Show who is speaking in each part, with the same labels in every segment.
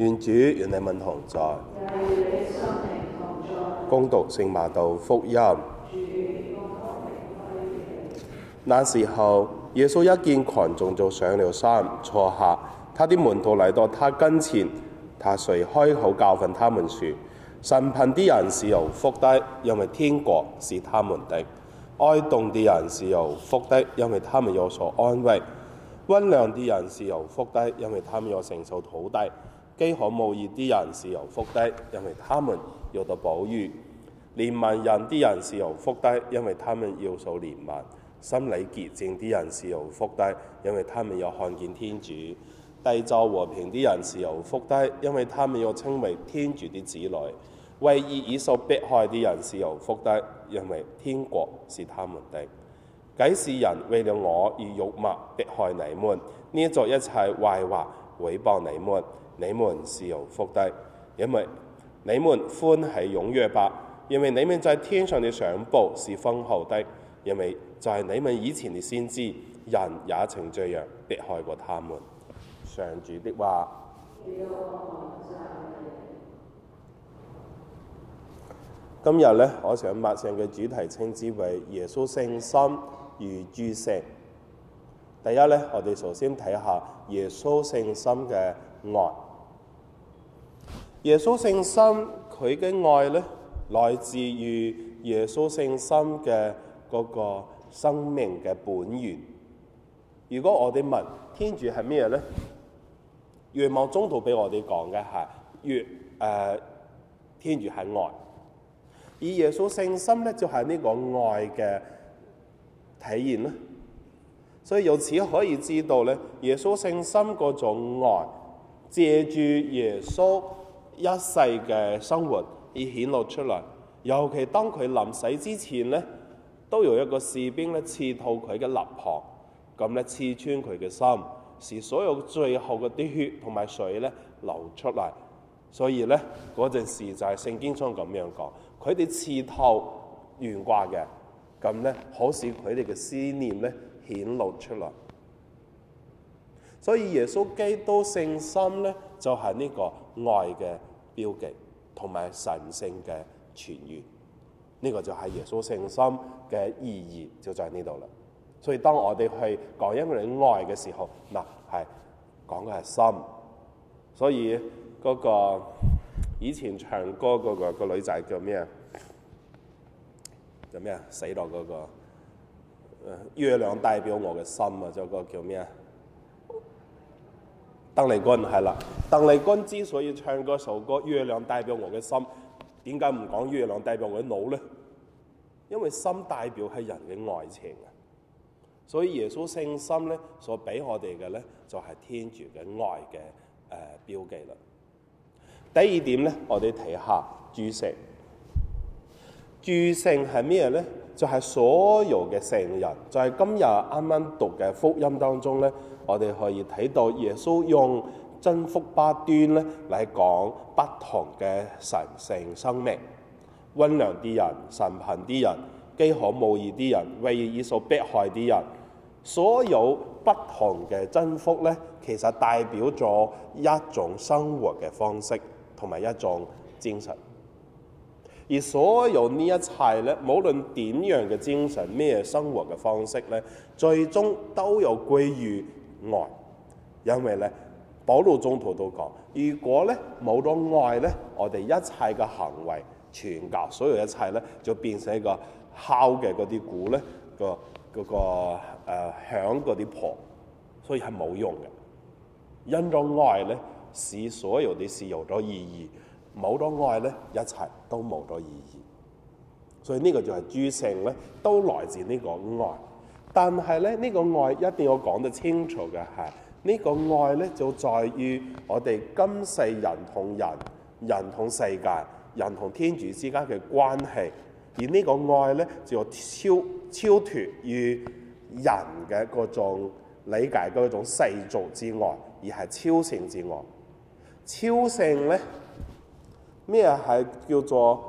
Speaker 1: 願主與你們同在，恭讀聖瑪竇福音。那時候，耶穌一見群眾就上了山坐下。他的門徒嚟到他跟前，他遂開口教訓他們説：神貧的人是有福的，因為天國是他們的；哀痛的人是有福的，因為他們有所安慰；溫良的人是有福的，因為他們有承受土地。飢渴慕義啲人是有福的，因為他們有到保佑；憐憫人啲人是有福的，因為他們要受憐憫；心理潔淨啲人是有福的，因為他們有看見天主；締造和平啲人是有福的，因為他們要稱為天主的子女；為義與受迫害啲人是有福的，因為天國是他們的。幾時人為了我而辱罵迫害你們，捏造一,一切壞話毀謗你們。你們是有福的，因為你們歡喜踴躍吧，因為你們在天上的賞報是豐厚的，因為就係你們以前嘅先知，人也曾這樣迫害過他們。上主的話。今日呢，我想晚上嘅主題稱之為耶穌聖心與諸聖。第一呢，我哋首先睇下耶穌聖心嘅愛。耶穌聖心佢嘅愛咧，來自於耶穌聖心嘅嗰個生命嘅本源。如果我哋問天主係咩咧？若望宗徒俾我哋講嘅係願誒，天主係愛，而耶穌聖心咧就係、是、呢個愛嘅體現啦。所以由此可以知道咧，耶穌聖心嗰種愛，借住耶穌。一世嘅生活而顯露出嚟，尤其當佢臨死之前咧，都有一個士兵咧刺透佢嘅肋旁，咁咧刺穿佢嘅心，使所有最後嗰啲血同埋水咧流出嚟。所以咧嗰陣時就係聖經中咁樣講，佢哋刺透懸掛嘅，咁咧可使佢哋嘅思念咧顯露出嚟。所以耶穌基督聖心咧就係呢個愛嘅。標記同埋神聖嘅泉源，呢、這個就係耶穌聖心嘅意義，就在呢度啦。所以當我哋去講一個人愛嘅時候，嗱係講嘅係心。所以嗰、那個以前唱歌嗰、那個、那個女仔叫咩啊？叫咩啊？死咗嗰、那個月亮代表我嘅心啊！就個叫咩啊？鄧麗君係啦，鄧麗君之所以唱嗰首歌《月亮代表我嘅心》，點解唔講月亮代表我嘅腦咧？因為心代表係人嘅愛情啊，所以耶穌聖心咧所俾我哋嘅咧就係、是、天主嘅愛嘅誒、呃、標記啦。第二點咧，我哋睇下諸聖，諸聖係咩咧？就係、是、所有嘅聖人，就係、是、今日啱啱讀嘅福音當中咧。我哋可以睇到耶穌用真福八端咧嚟講不同嘅神聖生命，温良啲人、神貧啲人、饑渴慕義啲人、為義所迫害啲人，所有不同嘅真福咧，其實代表咗一種生活嘅方式，同埋一種精神。而所有呢一切咧，無論點樣嘅精神、咩生活嘅方式咧，最終都有歸於。愛，因為咧，保祿宗徒都講，如果咧冇咗愛咧，我哋一切嘅行為、傳教所有一切咧，就變成一個敲嘅嗰啲鼓咧，嗰個嗰、嗰個誒、呃、響嗰啲破，所以係冇用嘅。因咗愛咧，使所有啲事有咗意義；冇咗愛咧，一切都冇咗意義。所以呢個就係諸聖咧，都來自呢個愛。但係咧，呢個愛一定要講得清楚嘅係，呢個愛咧就在於我哋今世人同人、人同世界、人同天主之間嘅關係。而呢個愛咧就超超脫於人嘅嗰種理解嗰種世俗之愛，而係超性之愛。超性咧咩係叫做？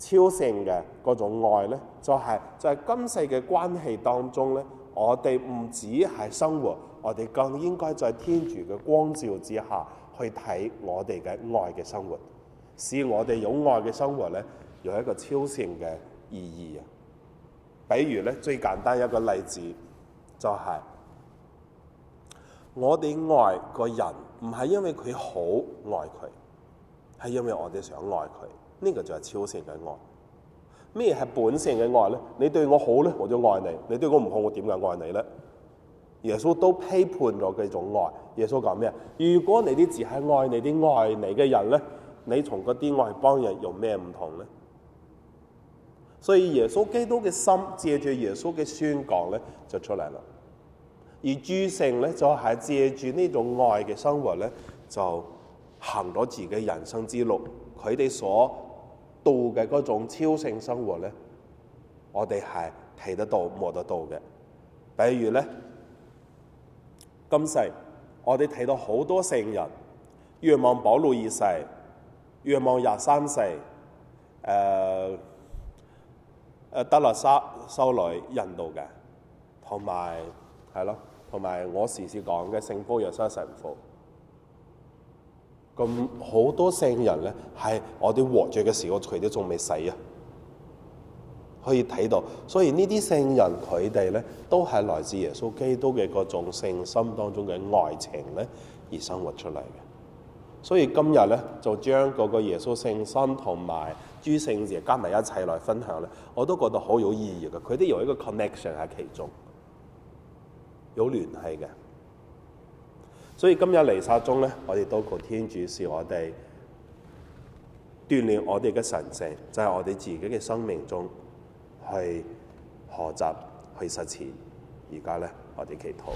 Speaker 1: 超性嘅嗰種愛呢，就係、是、在今世嘅關係當中呢，我哋唔止係生活，我哋更應該在天主嘅光照之下去睇我哋嘅愛嘅生活，使我哋有愛嘅生活呢，有一個超性嘅意義啊！比如呢，最簡單一個例子，就是，就係我哋愛個人，唔係因為佢好愛佢，係因為我哋想愛佢。呢個就係超性嘅愛，咩係本性嘅愛咧？你對我好咧，我就愛你；你對我唔好，我點解愛你咧？耶穌都批判咗佢種愛。耶穌講咩？如果你啲只係愛你啲愛你嘅人咧，你同嗰啲外邦人有咩唔同咧？所以耶穌基督嘅心借住耶穌嘅宣講咧，就出嚟喇。而諸聖咧就係、是、借住呢種愛嘅生活咧，就行咗自己人生之路。佢哋所.道嘅嗰種超性生活咧，我哋係睇得到、摸得到嘅。比如咧，今世我哋睇到好多聖人，若望保祿二世、若望廿三世，誒、呃、誒德肋撒修女印度嘅，同埋係咯，同埋我時時講嘅聖福若瑟神父。咁好多聖人咧，係我哋活着嘅時候，我佢哋仲未死啊！可以睇到，所以呢啲聖人佢哋咧，都係來自耶穌基督嘅嗰種聖心當中嘅愛情咧，而生活出嚟嘅。所以今日咧，就將嗰個耶穌聖心同埋諸聖節加埋一齊來分享咧，我都覺得好有意義嘅。佢哋有一個 connection 喺其中，有聯繫嘅。所以今日彌撒中咧，我哋都求天主我鍛鍊我，就是我哋鍛鍊我哋嘅神聖，就係我哋自己嘅生命中去學習去實踐。而家咧，我哋祈禱。